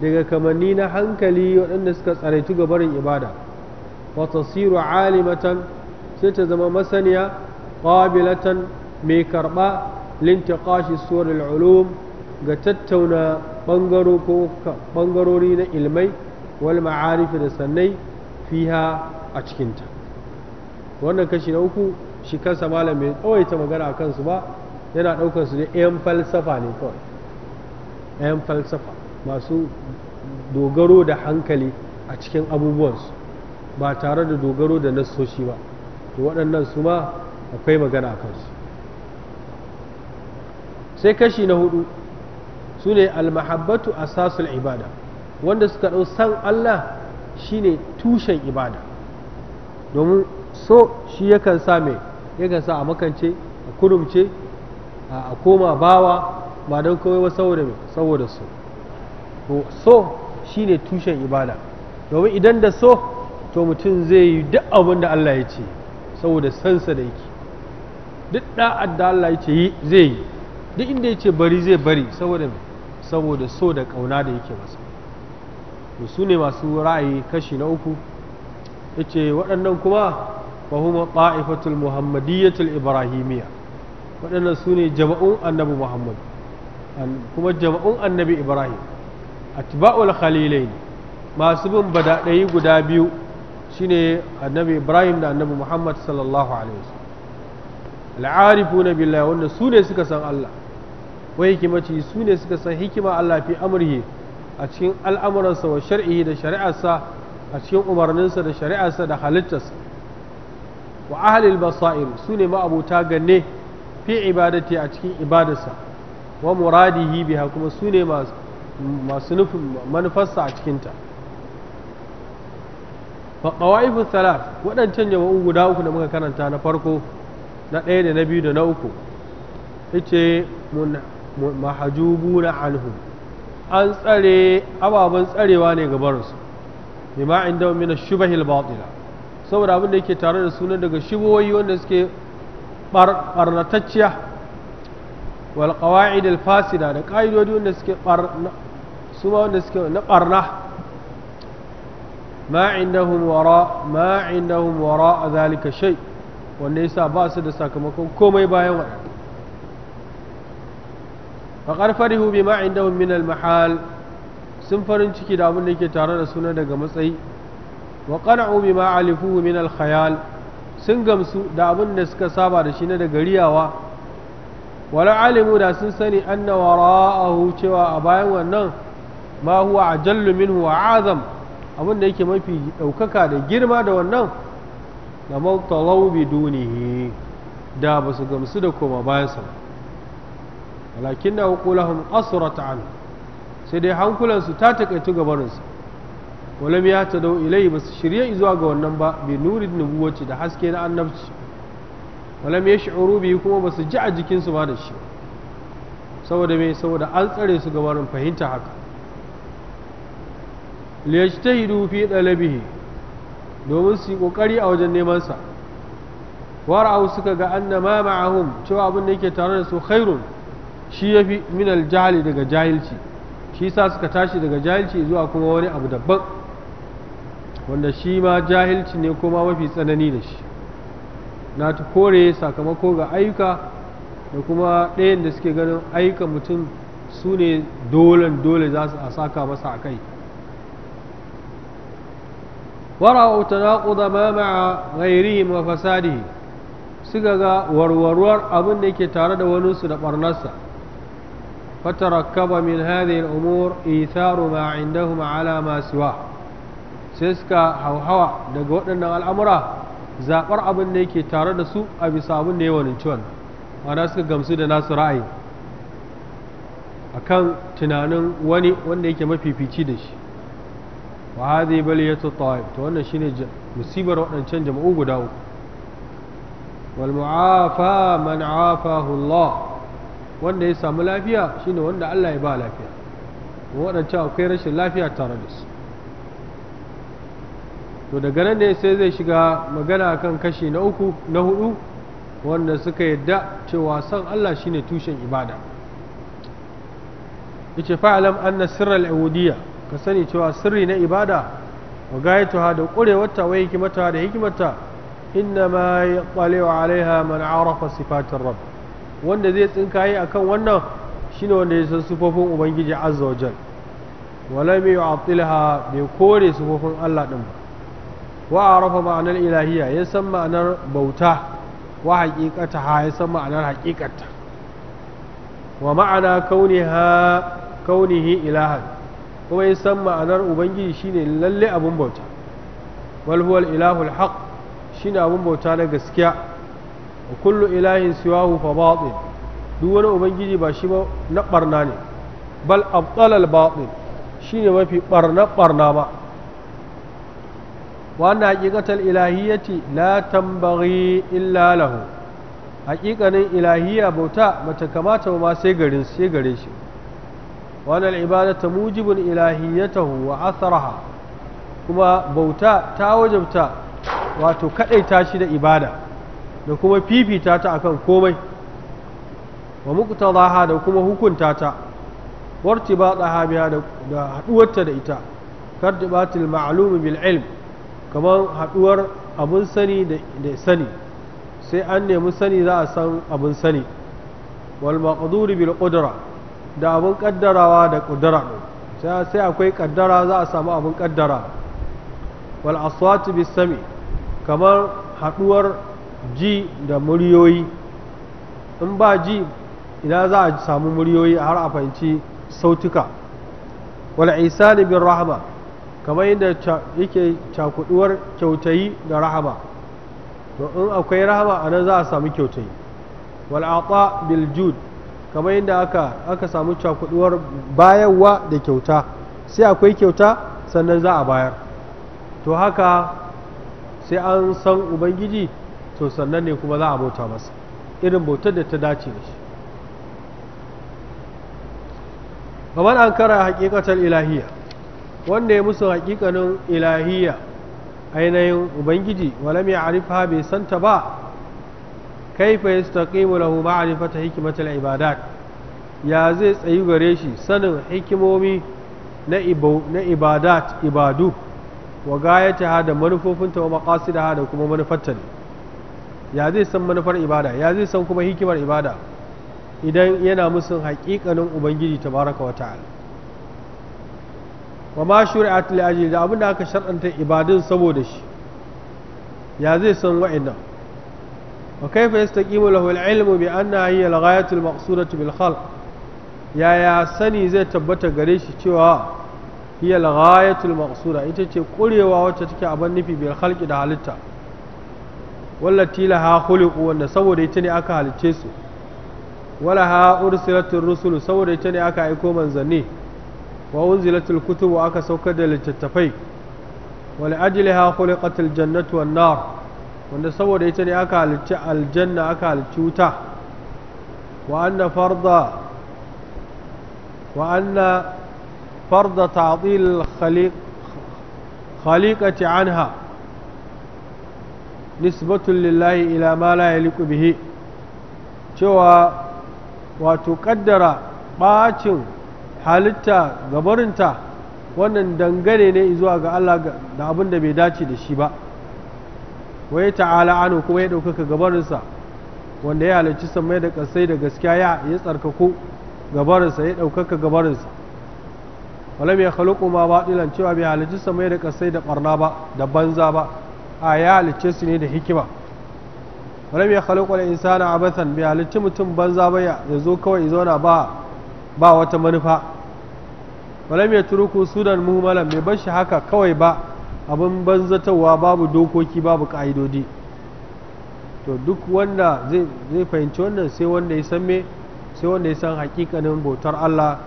Speaker 1: daga kamanni na hankali waɗanda suka tsaraitu ga barin ibada wa tasiru alimatan sai ta zama masaniya qabilatan mai karɓa lintiqashi suwarul ulum ga tattauna bangaro ko bangarori na ilmai wal ma'arif da sannai fiha a cikinta wannan kashi na uku shi kansa malam bai tsawaita magana a kansu ba yana ɗaukar su ne 'yan falsafa ne kawai 'yan falsafa masu dogaro da hankali a cikin abubuwansu ba tare da dogaro da nassoshi ba to waɗannan su ma akwai magana a kansu sai kashi na hudu su ne almahabbatu asasul ibada wanda suka ɗau san Allah shine tushen ibada domin so shi yakan sa mai yakan sa a makance a kurumce a koma bawa ba don kawai saboda mai saboda so to so shine tushen ibada domin idan da so to mutum zai yi duk abin da Allah ya ce saboda sansa da yake duk da'ad da Allah ya ce zai yi duk inda ya ce bari zai bari saboda saboda so da kauna da yake masa to su ne masu ra'ayi kashi na uku yace waɗannan kuma fahimta huma ta'ifatul muhammadiyyatul ibrahimiyya waɗannan su ne jama'un annabi muhammad kuma jama'un annabi ibrahim atba'ul khalilai masu bin badaɗayi guda biyu shine annabi ibrahim da annabi muhammad sallallahu alaihi wasallam al'arifu na billahi wanda su ne suka san allah wai hikimaci su ne suka san hikima allah fi amurhi a cikin al'amuransa wa shar'ihi da shari'arsa a cikin umarninsa da shari'arsa da halittarsa wa ahlil basair su ne ma'abuta ganne fi ibadati a cikin ibadarsa wa muradihi biha kuma su ne masu nufin manufarsa a cikinta fa qawaifu thalath waɗancan jama'u guda uku da muka karanta na farko na ɗaya da na biyu da na uku yace na anhu an tsare ababen tsarewa ne gabarinsu bima inda min ash-shubahil batila saboda abin da yake tare da sunan daga shiboyi wanda suke ɓarnatacciya wal qawa'id al fasida da ƙa'idodi wanda suke ɓarna su ma wanda suke na ɓarna ma indahum wara ma indahum wara a zalika shai wanda yasa ba su da sakamakon komai bayan waɗanda faƙar farihu hubi ma inda indahum min almahal sun farin ciki da abin da yake tare da suna daga matsayi wa qana'u bi ma alifuhu min al sun gamsu da abin da suka saba da shi na daga riyawa wala alimu da sun sani an na wara'ahu cewa a bayan wannan ma huwa jallu min wa azam abin da yake mafi ɗaukaka da girma da wannan da mautalau bidunihi da ba su gamsu da koma bayansa walakin da hukulahun asrata an sai dai hankulansu ta taƙaitu gabarinsa walam ya ta dau ilai ba su shirye zuwa ga wannan ba bi nurin nubuwaci da haske na annabci walam ya shi'uru bi kuma ba su ji a jikinsu ba da shi saboda me saboda an tsare su gabanin fahimta haka liyajtahidu fi dalabihi domin su yi kokari a wajen neman sa wara'u suka ga anna ma ma'ahum cewa abin da yake tare da su khairun shi yafi min aljahli daga jahilci shi sa suka tashi daga jahilci zuwa kuma wani abu daban wanda shi ma jahilci ne ko ma mafi tsanani da shi na ta kore sakamako ga ayyuka da kuma ɗayan da suke ganin ayyukan mutum su ne dolen dole za su a saka masa a kai wara'u tanaquda ma ma'a ghairihim wa fasadi suka ga warwarwar abin da yake tare da wani su da barnarsa fatarakkaba min hadhihi al-umur itharu ma indahum ala ma siwa sai suka hauhawa daga waɗannan al'amura zaɓar abin da yake tare da su a bisa abin da ya waninci wannan mana suka gamsu da nasu ra'ayi a kan tunanin wani wanda yake mafifici da shi wa hadhi baliyatu ta'if to wannan shine musibar waɗancan jama'u guda uku wal mu'afa man afahu Allah wanda ya samu lafiya shine wanda Allah ya ba lafiya waɗancan akwai rashin lafiya tare da su to daga nan ne sai zai shiga magana kan kashi na uku na hudu wanda suka yadda cewa san Allah shine tushen ibada yace fa'alam anna sirral ubudiyya ka sani cewa sirri na ibada wa gayatuha da kurewarta wa hikimata da hikimata inna ma yaqalu alaiha man arafa sifatir rabb wanda zai tsinkaye akan wannan shine wanda ya san sifofin ubangiji azza wajal wala mai yu'attilha bai kore sifofin Allah din ba wa ma'anar ilahiya ya san ma'anar bauta wa haƙiƙata ha ya san ma'anar haƙiƙata wa ma'ana kaunihi ilahan kuma ya san ma'anar ubangiji shine lalle abun bauta wal huwal ilahul haq shine abun bauta na gaskiya wa kullu ilahin siwahu fa batil duk wani ubangiji ba shi ba na barna ne bal abtalal batil shine mafi barna barna ba wannan haƙiƙatar ilahiyyati la tambari illa lahu haƙiƙanin ilahiyya bauta bata kamata ma sai sai gare shi wannan ta mujibin ilahiyyatahu wa asaraha kuma bauta ta wajabta wato kaɗaita shi da ibada da kuma fifita ta akan komai wa muqtadaha da kuma hukunta ta wartibataha biha da haɗuwarta da ita kartibatul ma'lum bil ilm kamar haɗuwar abun sani da sani sai an nemi sani za a san abun sani wal maqduri bil qudra da abun kaddarawa da qudra sai akwai kaddara za a samu abun kaddara wal aswat bis sami kamar haɗuwar ji da muryoyi in ba ji ina za a samu muryoyi har a fahimci sautuka wal isani bin rahma kamar yadda yake cakuduwar kyautayi da rahaba to in akwai rahaba a nan za a samu kyautayi wal'ata bil jud kamar yadda aka aka samu cakuduwar bayarwa da kyauta sai akwai kyauta sannan za a bayar to haka sai an san ubangiji to sannan ne kuma za a bauta masa irin bautar da ta dace da shi kamar an kara hakikatar ilahiyya wanda ya musu hakikanin ilahiyya ainihin ubangiji walam ya arifa bai santa ba kaifa mu lahu ta hikimatar ibadat ya zai tsayu gare shi sanin hikimomi na ibadat ibadu wa gayataha da manufofinta wa makasi da kuma manufarta ne ya zai san manufar ibada ya zai san kuma hikimar ibada idan yana musu haƙiƙanin ubangiji tabaraka wa ta'ala wa ma shuri'at li ajli da abinda aka shar'anta ibadun saboda shi ya zai san wa'annan wa kaifa yastaqimu lahu al-ilmu bi anna hiya al-ghayatu al-maqsudatu bil khalq ya ya sani zai tabbata gare shi cewa hiya al-ghayatu al-maqsuda ita ce kurewa wacce take abin nufi bil khalqi da halitta wallati laha khuliqu wanda saboda ita ne aka halicce su wala ha ursilatir rusulu saboda ita ne aka aiko manzanni وأنزلت الكتب وأكسوكد للتتفي ولأجلها خلقت الجنة والنار ونصور ديتني أكا الجنة أكا التوتة وأن فرض وأن فرض تعطيل الخليق خليقة عنها نسبة لله إلى ما لا يليق به شوى وتقدر باتن halitta gabarinta wannan dangane ne zuwa ga Allah da abin da bai dace da shi ba wai ta'ala anu kuma ya ɗaukaka gabarinsa wanda ya halarci samai da ƙasai da gaskiya ya tsarkako gabarinsa ya ɗaukaka gabarinsa wala ya ma batilan cewa bai halarci samai da ƙasai da ɓarna ba da banza ba a ya halarce su ne da hikima wala ya khaluqu al insana abathan bai halarci mutum banza ba ya zo kawai zauna ba ba wata manufa walam ya turuku sudan muhimmalan mai bar shi haka kawai ba abin banzatawa babu dokoki babu ka'idodi to duk wanda zai fahimci wannan sai wanda ya san me sai wanda ya san hakikanin bautar Allah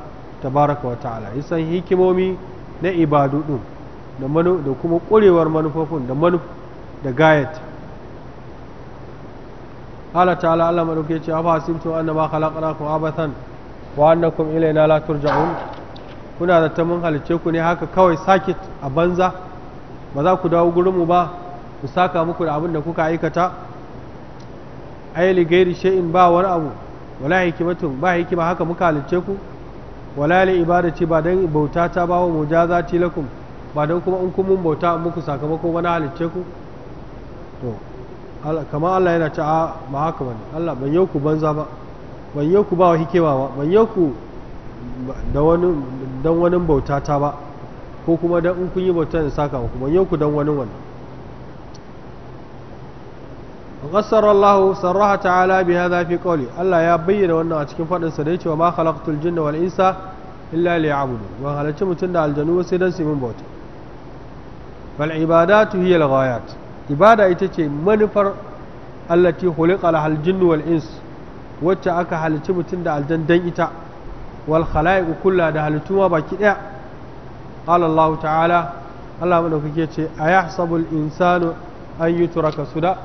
Speaker 1: tabaraka wa ta'ala ya san hikimomi na ibadu din da da kuma ƙurewar manufofin da manuf da gayat Allah ta'ala Allah madauke ce afa simtu annama khalaqnakum abathan wa annakum ilaina la turja'un kuna da ta mun halice ku ne haka kawai sakit a banza ba za ku dawo gurin mu ba ku saka muku da abin da kuka aikata ai li gairi shay'in ba wani abu wala hikimatun ba hikima haka muka halice ku wala li ibadati ba dan bauta ta ba wa mujazati lakum ba dan kuma in kun mun bauta muku sakamako wani halice ku to kamar Allah yana ta ba haka bane Allah ban yau ku banza ba wayo ku ba wa hikewa ba wayo ku don wani bauta ta ba ko kuma don in kun yi bauta da saka ku ku don wani wannan قصر الله صرح تعالى بهذا في قوله الله يا بين wannan a cikin fadin sa da yace wa ma khalaqtul jinna wal insa illa liya'budun wa halacci mutun da aljanu sai dan su min bauta bal ibadatu hiya ibada ita ce manufar allati khuliqa lahal wacce aka halici mutum da aljan ita wal khala'iqu kulla da halittu ma baki daya qala Allah ta'ala Allah ke ce ayahsabu al insanu an yutraka suda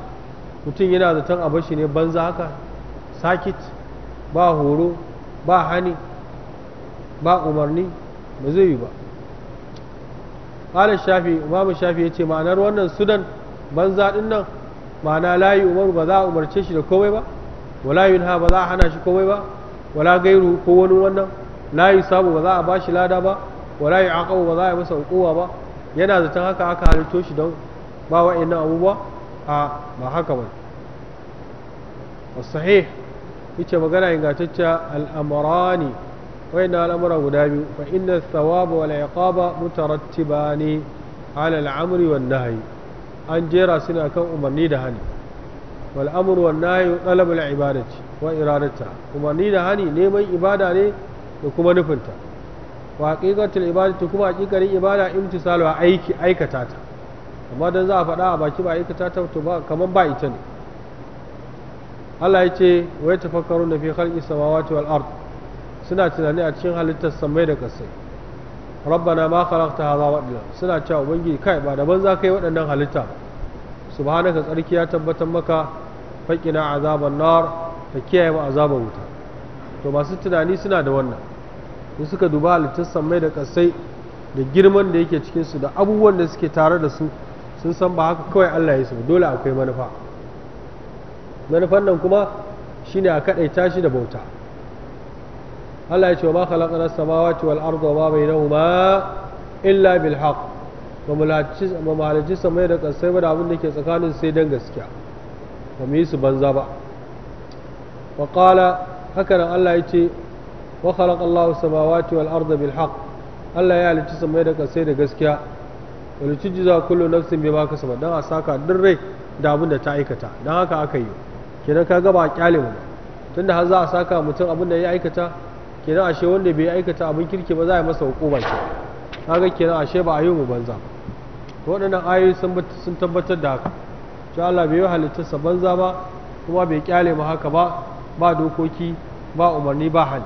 Speaker 1: mutum yana zaton a bashi ne banza haka sakit ba horo ba hani ba umarni ba zai yi ba qala shafi imamu shafi yace ma'anar wannan sudan banza din nan ma'ana layi umaru ba za a umarce shi da komai ba wala ha ba za a hana shi kawai ba wala gairu ko wani wannan la sabo ba za a bashi lada ba wala yu'aqabu ba za a masa ukuwa ba yana zaton haka aka halitto shi don ba wa'annan abubuwa a ba haka ba sahih yace magana ingantacciya al'amurani wa'annan al'amura guda biyu fa inna thawaba wal iqaba mutarattibani ala al'amri wan nahyi an jera suna kan umarni da hani wal amru wan nahyu talabul ibadati wa iradata kuma ni da hani neman ibada ne da kuma nufinta wa haqiqatul ibadati kuma haƙiƙarin ibada imtisalu aiki aikata ta amma don za a faɗa a baki ba aikata ta to ba kamar ba ita ne Allah ya ce wai wa na fi isa samawati wal ard suna tunani a cikin halittar samai da ƙasai rabbana ma khalaqta hadha wadila suna cewa ubangiji kai ba da banza kai waɗannan halitta subhanaka tsarki ya tabbatar maka faƙina azaban nar ta kiyaye mu azaban wuta to masu tunani suna da wannan in suka duba halittar samai da kasai da girman da yake cikinsu da abubuwan da suke tare da su sun san ba haka kawai Allah ya su dole akwai manufa manufan nan kuma shine a kaɗaita tashi da bauta Allah ya ce wa ma khalaqa samawati wal arda wa ma bainahuma illa bil ba mu halarci samai da ƙasai ba da abin da ke tsakanin sai dan gaskiya ba mu yi su banza ba wa qala haka nan Allah ya ce wa khalaqa Allahu samawati wal arda bil haqq Allah ya halicci samai da kasai da gaskiya wal tujza kullu nafsin bima ba dan a saka duk rai da abin da ta aikata dan haka aka yi kenan ka ga ba kyale mu tunda har za a saka mutum abin da ya aikata kenan ashe wanda bai aikata abin kirki ba za a yi masa hukuma ke kaga kenan ashe ba a yi mu banza waɗannan ayoyi sun tabbatar da haka to Allah bai halitta sa banza ba kuma bai kyale mu haka ba ba dokoki ba umarni ba hali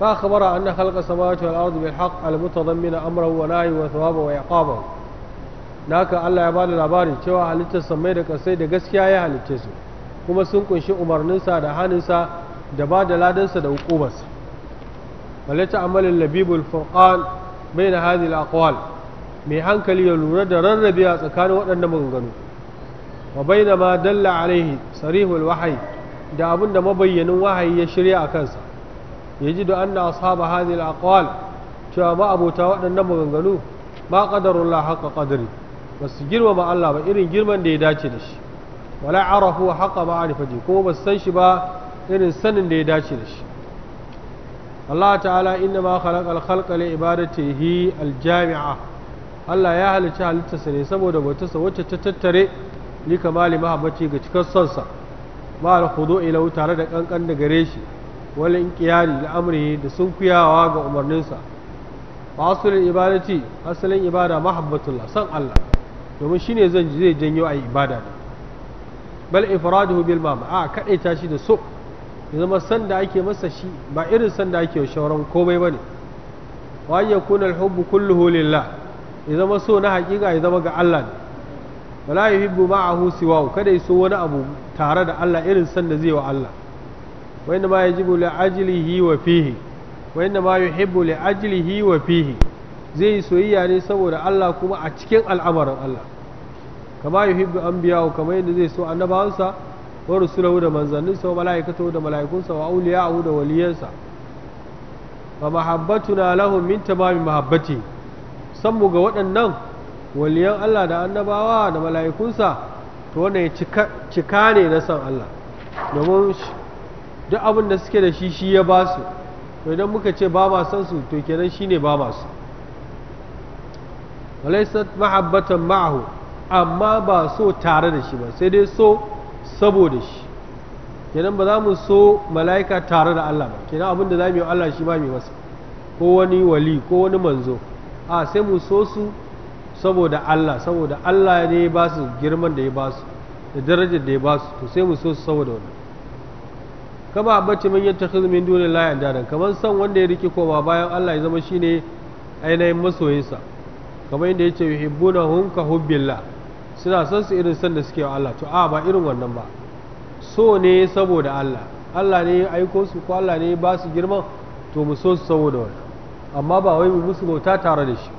Speaker 1: فأخبر أن خلق السماوات والأرض بالحق المتضمن أمره ba. وثوابه وعقابه ناك الله يا بالي labari cewa halittar mai da kasai da gaskiya ya halitte su kuma sun kunshi umarninsa da haninsa da ba da ladansa da hukumarsa balata amalin labibul furqan bayna hadhihi al-aqwal mai hankali ya lura da rarrabe a tsakanin waɗannan maganganu wa baina ma dalla alaihi sarihul wahayi da abin da mabayyanin wahayi ya shirya a kansa ya ji da anna ashaba hadhihi al cewa ma abota waɗannan maganganu ma qadarullah haqa qadri ba su girmama Allah ba irin girman da ya dace da shi wala arafu haqa ma'rifati kuma ba su san shi ba irin sanin da ya dace da shi Allah ta'ala inna ma khalaqa al-khalqa li ibadatihi al-jami'a Allah ya halicci halittarsa ne saboda bautarsa wacce ta tattare li kamali mahabbaci ga cikar sonsa ma al khudu ilahu tare da kankan da gare shi wal inqiyadi da amri da sunkuyawa ga umarninsa wa ibadaci ibadati asalin ibada mahabbatullah san Allah domin shine zan zai janyo ayi ibada bal ifraduhu bil mama a kadaita shi da so ya zama san da ake masa shi ba irin san da ake shauran komai bane wa yakuna al hubbu kulluhu lillah ya zama so na hakika ya zama ga Allah ne wala yuhibbu ma'ahu siwahu kada ya so wani abu tare da Allah irin san da zai wa Allah wa inna ma yajibu li ajlihi wa fihi wa inna ma yuhibbu li ajlihi wa fihi zai yi soyayya ne saboda Allah kuma a cikin al'amarin Allah kama yuhibbu anbiya'u kama yadda zai so annabawansa wa rusulahu da manzanninsa wa mala'ikatu da mala'ikunsa wa awliya'ahu da waliyansa fa mahabbatuna lahum min tamami mahabbatihi san ga waɗannan waliyan Allah da annabawa da mala'ikunsa to wannan ya cika ne na san Allah domin duk abin da suke da shi shi ya ba su to idan muka ce ba ma san su to kenan shi ne ba ma su walaisat mahabbatan ma'ahu amma ba so tare da shi ba sai dai so saboda shi kenan ba za mu so mala'ika tare da Allah ba kenan abin da za mu yi Allah shi ba mai masa ko wani wali ko wani manzo a sai mu so su saboda Allah saboda Allah ne ya ba su girman da ya ba su da darajar da ya ba su to sai mu so su saboda wannan kama abacci man yattakhidhu min dunillahi andadan kamar san wanda ya riki koma bayan Allah ya zama shine ainihin masoyinsa kamar inda yace yuhibbunahum ka hubbillah suna son su irin san da suke wa Allah to a ba irin wannan ba so ne saboda Allah Allah ne ya aiko su ko Allah ne ya ba su girman to mu so su saboda wannan amma ba wai musu bauta tare da shi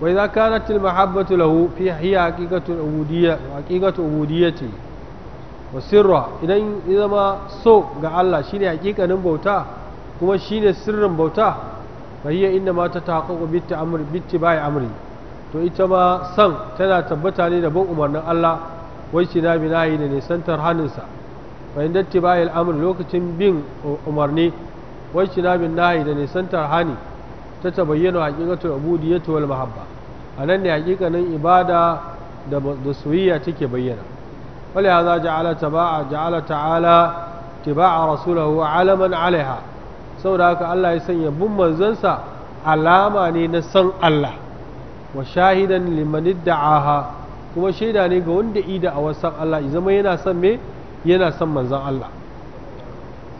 Speaker 1: wai za ka na tilma habbatu lahu fi hiya haƙiƙatu ubudiyyati wa sirra idan ya zama so ga Allah shine hakikanin bauta kuma shine sirrin bauta fa hiya inna ma ta tahaqqaqu bi ta'amri bi ittiba'i amri to ita ma san tana tabbata ne da bin umarnin Allah wai cina binahi da nisantar hannunsa fa inda ittiba'i lokacin bin umarni wai cinabin nahi da nisantar hani ta tabayyana haƙiƙatul ubudiyyatu wal mahabba anan ne nan ibada da da take bayyana wala hadha ja'ala taba'a ja'ala ta'ala tiba'a rasulahu alaman alaiha saboda haka Allah ya sanya bin manzansa alama ne na san Allah wa shahidan liman da'aha kuma shaida ne ga wanda ida a wasan Allah zama yana san me yana son manzon Allah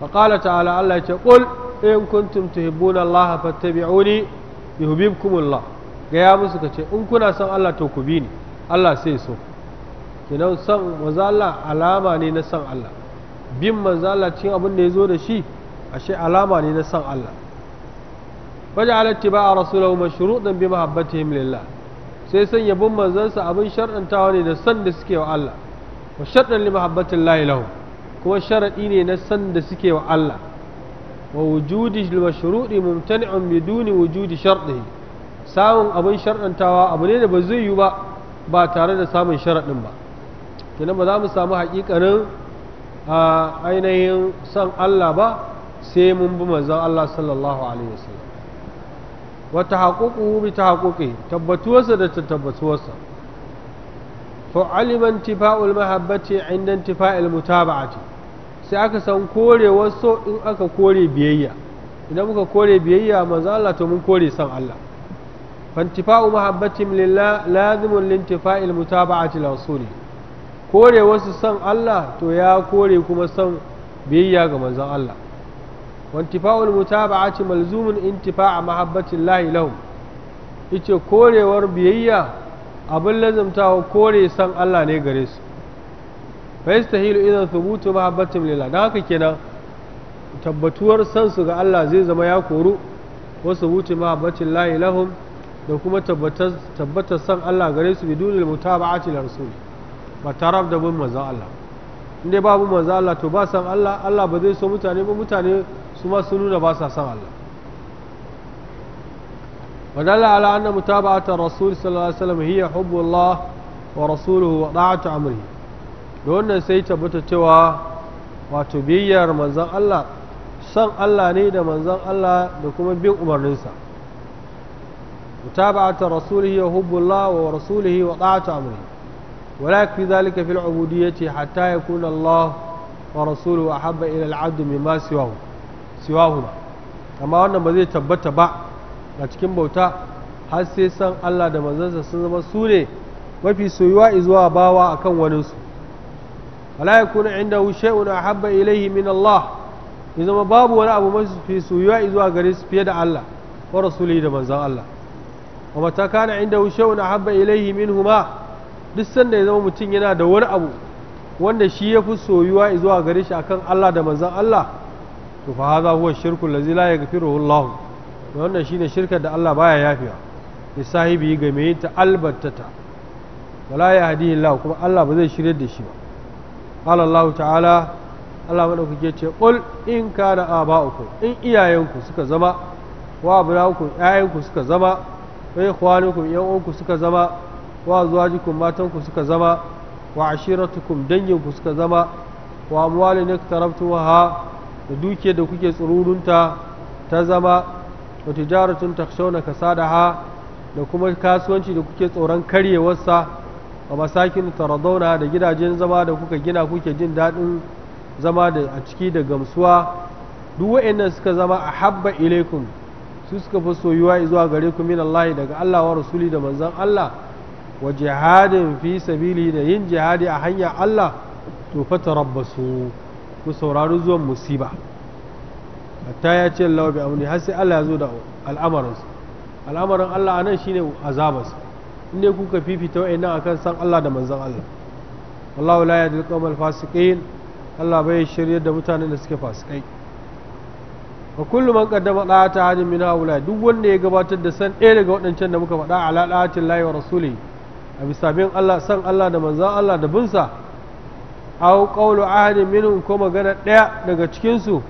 Speaker 1: فقال تعالى الله يقول إن كنتم تحبون الله فاتبعوني يحببكم الله gaya musu ka ce in kuna son Allah to ku bi ni Allah sai so kinan son manzo Allah alama ne na son Allah bin manzo Allah cikin abin da ya zo da shi ashe alama ne na son Allah waja'ala tiba'a rasulahu mashrutan bi mahabbatihim lillah sai sanya bin manzansa abin shar'antawa ne da son da suke wa Allah wa shar'an li mahabbatin lahi lahum kuma sharaɗi ne na san da suke wa Allah wa wujudi mashruɗi mumtani'un biduni wujudi sharɗi samun abin sharɗantawa abu ne da ba zai yi ba ba tare da samun sharaɗin ba kenan ba za mu samu haƙiƙanin ainihin san Allah ba sai mun bi manzon Allah sallallahu alaihi wasallam wa tahaqququhu bi tahaqquqi tabbatuwarsa da tabbatuwarsa fa alima intifa'ul mahabbati 'inda intifa'il mutaba'ati sai aka san korewar wasu in aka kore biyayya idan muka kore biyayya manzo Allah to mun kore san Allah fantifa'u mahabbatihim lillah lazimun lintifa'il mutaba'ati rasuli kore wasu san Allah to ya kore kuma san biyayya ga manzo Allah wantifa'ul mutaba'ati malzumun intifa'a lahi lahum ice korewar biyayya abin lazumtawa kore san Allah ne gare su fa yastahilu idan thubutu mahabbatin lillah dan haka kenan tabbatuwar san su ga Allah zai zama ya koru wa thubutu mahabbatin lahi lahum da kuma tabbatar tabbatar san Allah gare su bidunil mutaba'ati rasul ba tarab da bin manzon Allah in dai babu manzon Allah to ba san Allah Allah ba zai so mutane ba mutane su ma sun nuna ba sa san Allah ودل على أن متابعة الرسول صلى الله عليه وسلم هي حب الله ورسوله وطاعة أمره da wannan sai tabbata cewa wato biyayyar manzan Allah son Allah ne da manzan Allah da kuma bin umarninsa mutaba'ata rasulihi wa hubbullah wa rasulihi wa ta'atu amri ولا يكفي ذلك في العبودية حتى يكون الله ورسوله أحب إلى العبد مما سواه سواهما أما أن ما زي تبت با لكن بوتا har sai san Allah da manzansa sun zama su mafi soyuwa izuwa bawa akan waninsu wala yakunu indahu shay'un ahabba ilayhi min Allah ya zama babu wani abu masu fi soyuwa zuwa gare su fiye da Allah wa rasulihi da manzon Allah wa mata kana indahu shay'un ahabba ilayhi minhuma duk sanda ya zama mutum yana da wani abu wanda shi ya fi soyuwa zuwa gare shi akan Allah da manzon Allah to fa hadha huwa shirku allazi la wannan shine shirkar da Allah baya yafiya li sahibi ga mai ta wala Allah kuma Allah ba zai shirye da shi ba qala Allah ta'ala Allah madaukake ce qul in kana aba'ukum in iyayenku suka zama wa abnaukum iyayenku suka zama wa ikhwanukum iyayenku suka zama wa azwajukum matanku suka zama wa ashiratukum danginku suka zama wa amwalin iktarabtuha da dukiyar da kuke tsururunta ta zama wa tijaratun takshawna kasadaha da kuma kasuwanci da kuke tsoron karyewarsa wa masakin taradona da gidajen zama da kuka gina kuke jin daɗin zama da a ciki da gamsuwa duk wa'annan suka zama a habba ilaikum su suka fi soyuwa zuwa gare ku min Allah daga Allah wa rasuli da manzon Allah wa jihadin fi sabili da yin jihadi a hanyar Allah to fa tarabbasu ku saurari zuwan musiba hatta ya ce Allah bi amni har sai Allah ya zo da al'amarinsa al'amarin Allah anan shine azabarsa inda kuka fifita wa'annan akan san Allah da manzon Allah wallahu la yahdi al fasiqin Allah bai shirye da mutanen da suke fasikai wa kullu man qaddama da'ata hadin min haula duk wanda ya gabatar da san ɗaya daga waɗancan da muka faɗa ala da'atin lahi wa rasuli a bisa bin Allah san Allah da manzon Allah da binsa aw qawlu ahadin minhum ko magana ɗaya daga cikin su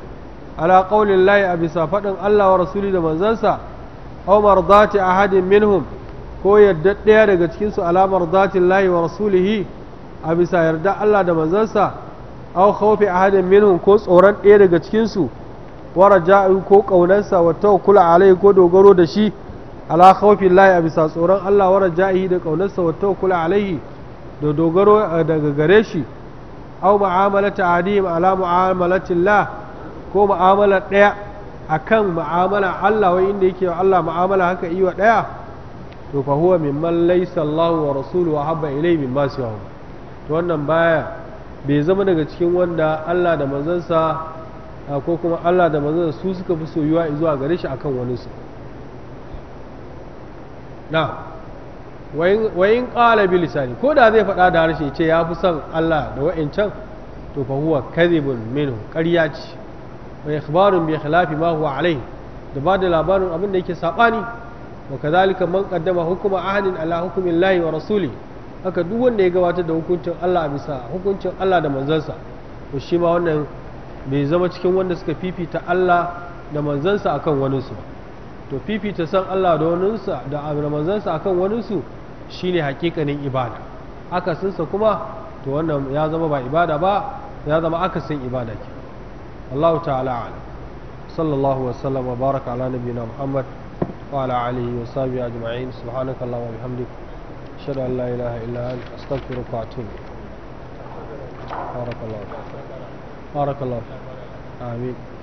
Speaker 1: ala qawlin a bisa faɗin Allah wa rasuli da manzansa aw mardati ahadin minhum ko yadda ɗaya daga cikinsu alamar zatin lahi wa rasulihi a bisa yarda Allah da manzansa aw khawfi ahadin minhum ko tsoron ɗaya daga cikinsu wa raja'u ko kaunansa wa tawakkul alaihi ko dogaro da shi ala khawfi lahi a bisa tsoron Allah wa raja'i da kaunansa wa tawakkul alaihi da dogaro eh, daga gare shi aw mu'amalat adim ala mu'amalati Allah ko mu'amala ɗaya akan mu'amala Allah wai inda yake Allah mu'amala haka iwa ɗaya to fa huwa mimman laysa Allah wa rasuluhu habba ilayhi mimma siwahu to wannan baya bai zama daga cikin wanda Allah da manzansa ko kuma Allah da manzansa su suka fi soyuwa zuwa gare shi akan wani su na wayin qala bi lisani ko da zai faɗa da harshe ce ya fi son Allah da wayancan to fa huwa kadhibun minhu ƙarya ce wa ikhbarun bi khilafi ma huwa alayhi da ba da labarin abin da yake sabani wa kadhalika man kaddama hukuma ahadin ala hukmillahi wa rasuli haka duk wanda ya gabatar da hukuncin Allah a bisa hukuncin Allah da manzansa to shi ma wannan bai zama cikin wanda suka fifita Allah da manzansa akan waninsu ba to fifita san Allah da su da manzansa akan waninsu shine hakikanin ibada akasinsa kuma to wannan ya zama ba ibada ba ya zama aka san ibada ke Allah ta'ala sallallahu wasallam wa baraka ala nabiyina Muhammad وعلى آله وصحبه أجمعين سبحانك اللهم وبحمدك أشهد أن لا إله إلا أنت أستغفرك وأتوب بارك الله فيك بارك الله فيك آمين